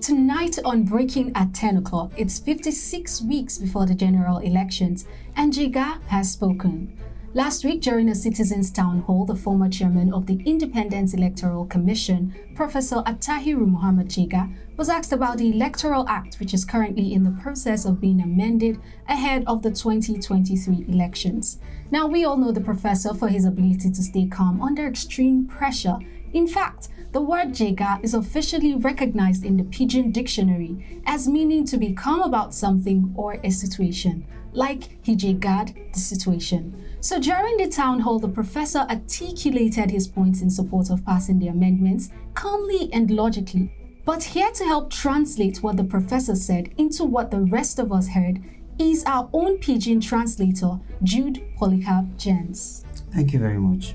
Tonight on Breaking at 10 o'clock, it's 56 weeks before the general elections, and Jiga has spoken. Last week, during a citizens' town hall, the former chairman of the Independent Electoral Commission, Professor Atahiru Muhammad Chiga, was asked about the Electoral Act, which is currently in the process of being amended ahead of the 2023 elections. Now, we all know the professor for his ability to stay calm under extreme pressure. In fact, the word jega is officially recognized in the Pidgin dictionary as meaning to be calm about something or a situation, like he jaga the situation. So during the town hall, the professor articulated his points in support of passing the amendments calmly and logically. But here to help translate what the professor said into what the rest of us heard is our own Pidgin translator, Jude Polycarp Jens. Thank you very much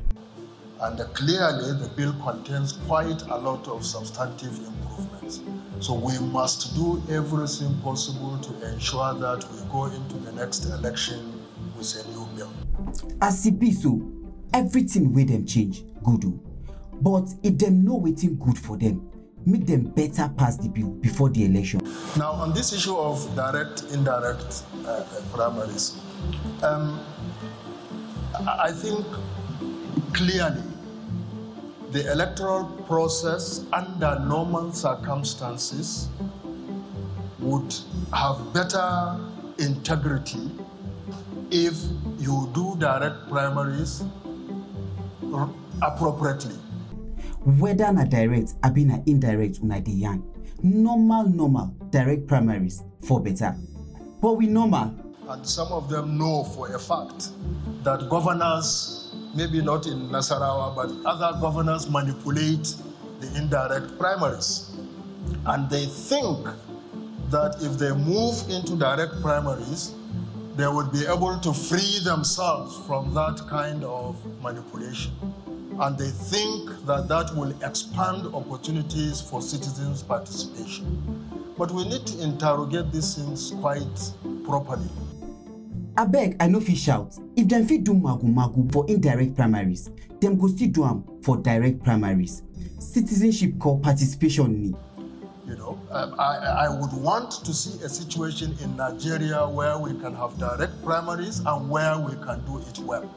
and clearly the bill contains quite a lot of substantive improvements. So we must do everything possible to ensure that we go into the next election with a new bill. As it be so, everything with them change good but if them know waiting good for them, make them better pass the bill before the election. Now on this issue of direct indirect uh, primaries, um, I think clearly the electoral process under normal circumstances would have better integrity if you do direct primaries appropriately. Whether na direct, abi na indirect, una dey yarn. Normal, normal direct primaries for better. But we normal and some of them know for a fact that governors, maybe not in Nasarawa, but other governors manipulate the indirect primaries. And they think that if they move into direct primaries, they would be able to free themselves from that kind of manipulation. And they think that that will expand opportunities for citizens' participation. But we need to interrogate these things quite properly. I beg, i know fish out. if them fit do magu-magu for indirect primaries dem go still do am for direct primaries citizenship call participation ni. You know, um, I, I would want to see a situation in Nigeria where we can have direct primaries and where we can do it well.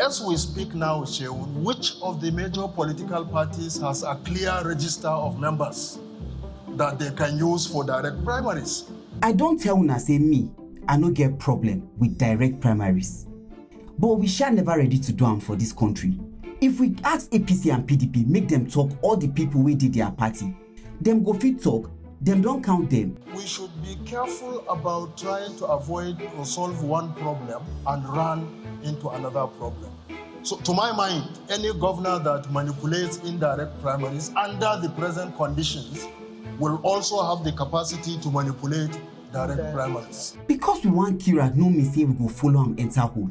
As we speak now, Sheun, which of the major political parties has a clear register of members that they can use for direct primaries? I don't tell Una say me, i no get problem with direct primaries but we shall never ready to do them for this country if we ask apc and pdp make them talk all the people wey dey dia party them go fit talk them don't count them. we should be careful about trying to avoid or solve one problem and run into another problem. So, to my mind, any governor that manipulates indirect primaries under the present conditions will also have the capacity to manipulate direct primaries because we wan kill rat no mean say we go follow am enter hole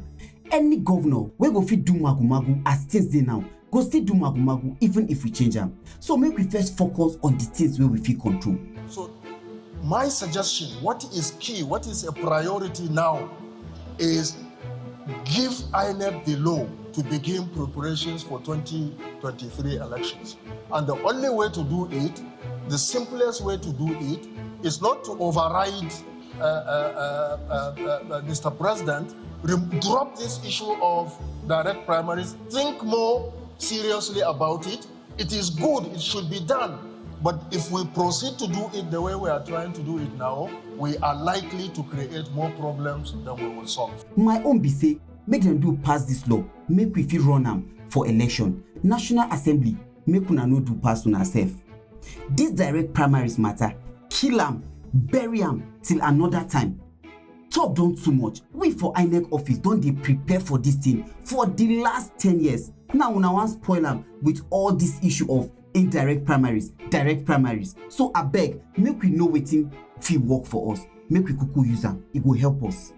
any governor wey go fit do magomago as things dey now go still do magomago even if we change am so make we first focus on the things wey we fit control. so my suggestion what is key what is a priority now is give inec the law to begin preparations for 2023 elections and the only way to do it the simplest way to do it is not to override uh, uh, uh, Mr. President, drop this issue of direct primaries, think more seriously about it. It is good, it should be done. But if we proceed to do it the way we are trying to do it now, we are likely to create more problems than we will solve. My own be say, make them do pass this law, make we feel run am for election. National Assembly, make una no do pass on sef. This direct primaries matter kill am bury am till another time talk don too much we for inec office don dey prepare for dis thing for di last ten years now una wan spoil am with all dis issue of indirect primaries direct primaries so abeg make we know wetin fit work for us make we kuku use am e go help us.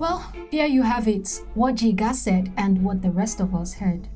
well here you have it what jiga said and what the rest of us heard.